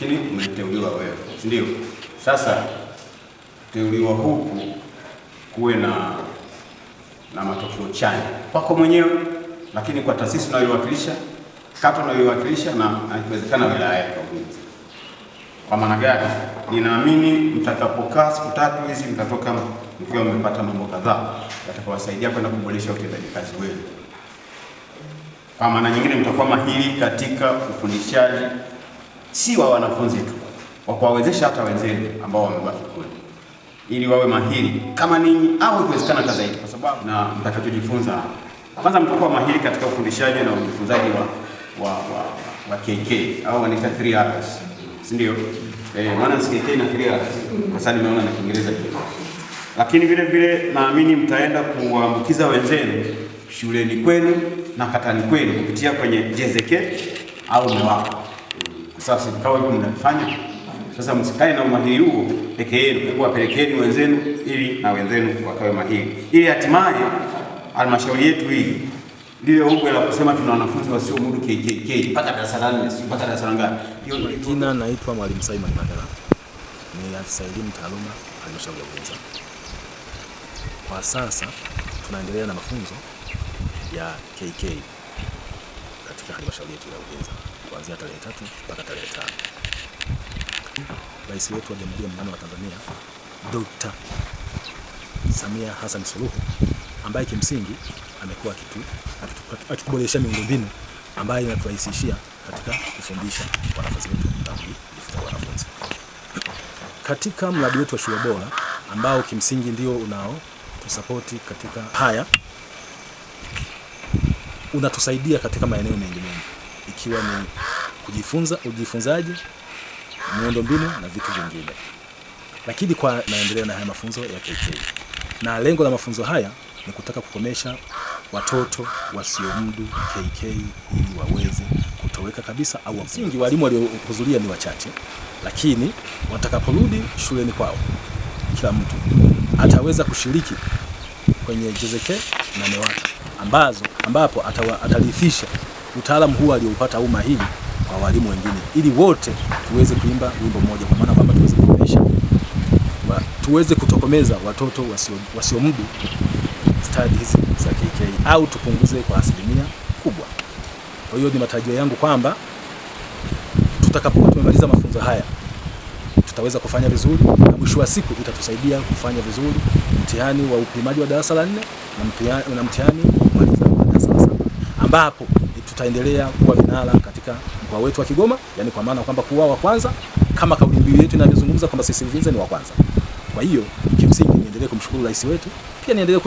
lakini umeteuliwa wewe, si ndio? Sasa teuliwa huku kuwe na na matokeo chanya kwako mwenyewe, lakini kwa taasisi unayowakilisha, kata unayowakilisha, na ikiwezekana wilaya yako. Kwa maana gani? Ninaamini mtakapokaa siku tatu hizi mtatoka mkiwa mmepata mambo kadhaa yatakawasaidia kwenda kuboresha utendaji kazi wenu. Kwa maana nyingine, mtakuwa hili katika ufundishaji si wa wanafunzi tu, wa kuwawezesha hata wenzenu ambao wamebaki kule, ili wawe mahiri kama ninyi au ikiwezekana hata zaidi, kwa sababu na mtakachojifunza kwanza, mtakuwa mahiri katika ufundishaji na ujifunzaji wa, wa, wa, wa KK au wanaita 3 hours, si ndio? Eh, maana KK na 3 hours, kwa sababu nimeona na Kiingereza pia, lakini vile vile naamini mtaenda kuwaambukiza wenzenu shuleni kwenu na katani kwenu kupitia kwenye JZK au MEWAKA. Sasa ikawa hivyo mnafanya. Sasa msikae na umahiri huo peke yenu, hebu wapelekeni wenzenu, ili na wenzenu wakawe mahiri, ili hatimaye halmashauri yetu hii lile ugwe la kusema tuna wanafunzi mudu KKK mpaka darasa la nne, mpaka darasa la ngapi? Jina naitwa Mwalimu Simon Mandala, ni afisa elimu taaluma halmashauri ya Uvinza. Kwa sasa tunaendelea na mafunzo ya KK katika halmashauri yetu ya Uvinza kuanzia tarehe tatu mpaka tarehe tano. Rais wetu wa Jamhuri ya Muungano wa Tanzania Dr. Samia Hassan Suluhu ambaye kimsingi amekuwa akituboresha miundombinu ambayo inaturahisishia katika kufundisha wanafunzi wetu na kujifunza wanafunzi katika mradi wetu wa shule bora ambao kimsingi ndio unaotusapoti katika haya, unatusaidia katika maeneo mengi mengi ikiwa ni kujifunza, ujifunzaji, miundombinu na vitu vingine, lakini kwa maendeleo na haya mafunzo ya KK. Na lengo la mafunzo haya ni kutaka kukomesha watoto wasiomdu KK ili waweze kutoweka kabisa au msingi. Walimu waliohudhuria ni wachache, lakini watakaporudi shuleni kwao, kila mtu ataweza kushiriki kwenye JZK na NEWATA ambazo ambapo atawa, atarithisha utaalamu huu alioupata umma hili kwa walimu wengine, ili wote tuweze kuimba wimbo mmoja, kwa maana kwamba tuweze kuonyesha, tuweze kutokomeza watoto wasiomudu stadi hizi za KK au tupunguze kwa asilimia kubwa. Kwa hiyo ni matarajio yangu kwamba tutakapokuwa tumemaliza mafunzo haya tutaweza kufanya vizuri na mwisho wa siku itatusaidia kufanya vizuri mtihani wa upimaji wa darasa la nne na mtihani wa darasa la saba ambapo tutaendelea kuwa vinara katika mkoa wetu wa Kigoma, yani kwa maana kwamba kuwa wa kwanza kama kauli mbiu yetu inavyozungumza kwamba sisi Uvinza ni wa kwanza. Kwa hiyo kimsingi, niendelee kumshukuru rais wetu, pia niendelee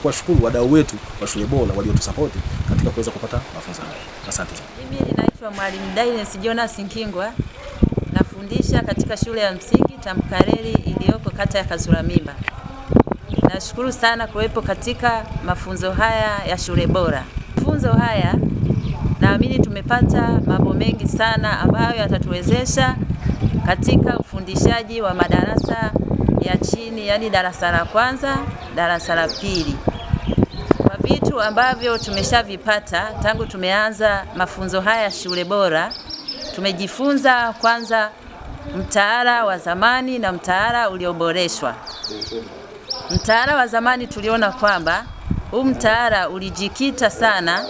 kuwashukuru wadau wetu wa shule bora waliotusapoti katika kuweza kupata mafunzo haya. Asante sana. Mimi ninaitwa Mwalimu Dines Jonas Nkingwa, nafundisha katika shule ya msingi Tamkareli iliyoko kata ya mimba Nashukuru sana kuwepo katika mafunzo haya ya shule bora mafunzo haya naamini tumepata mambo mengi sana ambayo yatatuwezesha katika ufundishaji wa madarasa ya chini, yaani darasa la kwanza, darasa la pili, kwa vitu ambavyo tumeshavipata tangu tumeanza mafunzo haya Shule Bora. Tumejifunza kwanza mtaala wa zamani na mtaala ulioboreshwa. Mtaala wa zamani tuliona kwamba huu mtaala ulijikita sana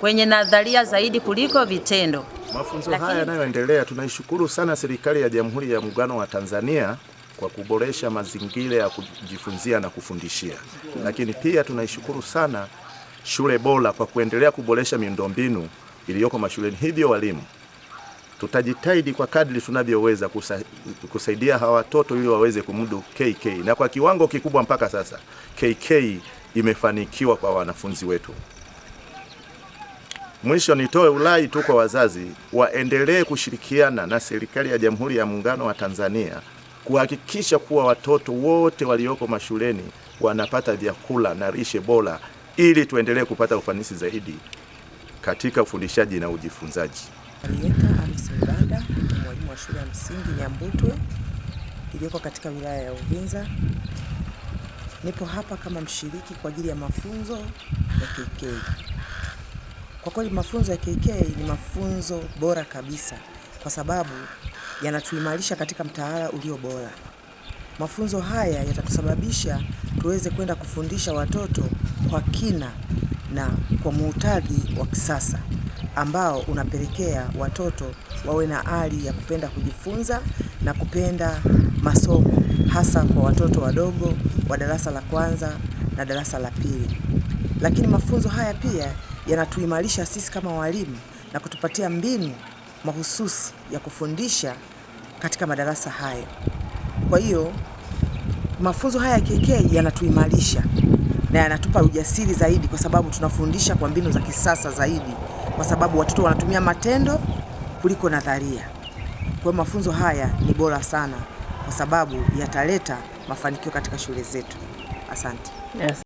kwenye nadharia zaidi kuliko vitendo. Mafunzo lakini... haya yanayoendelea, tunaishukuru sana serikali ya Jamhuri ya Muungano wa Tanzania kwa kuboresha mazingira ya kujifunzia na kufundishia, lakini pia tunaishukuru sana Shule Bora kwa kuendelea kuboresha miundombinu iliyoko mashuleni, hivyo walimu tutajitahidi kwa kadri tunavyoweza kusa, kusaidia hawa watoto ili waweze kumudu KK na kwa kiwango kikubwa. Mpaka sasa KK imefanikiwa kwa wanafunzi wetu. Mwisho nitoe ulai tu kwa wazazi waendelee kushirikiana na serikali ya Jamhuri ya Muungano wa Tanzania kuhakikisha kuwa watoto wote walioko mashuleni wanapata vyakula na lishe bora ili tuendelee kupata ufanisi zaidi katika ufundishaji na ujifunzaji. James Mganda ni mwalimu wa shule ya msingi Nyambutwe iliyoko katika wilaya ya Uvinza. Nipo hapa kama mshiriki kwa ajili ya mafunzo ya KK. Kwa kweli mafunzo ya KK ni mafunzo bora kabisa kwa sababu yanatuimarisha katika mtaala ulio bora. Mafunzo haya yatatusababisha tuweze kwenda kufundisha watoto kwa kina na kwa muhtaji wa kisasa ambao unapelekea watoto wawe na hali ya kupenda kujifunza na kupenda masomo hasa kwa watoto wadogo wa darasa la kwanza na darasa la pili. Lakini mafunzo haya pia yanatuimarisha sisi kama walimu na kutupatia mbinu mahususi ya kufundisha katika madarasa hayo. Kwa hiyo mafunzo haya KK yanatuimarisha na yanatupa ujasiri zaidi, kwa sababu tunafundisha kwa mbinu za kisasa zaidi kwa sababu watoto wanatumia matendo kuliko nadharia. Kwa hiyo mafunzo haya ni bora sana kwa sababu yataleta mafanikio katika shule zetu. Asante. Yes.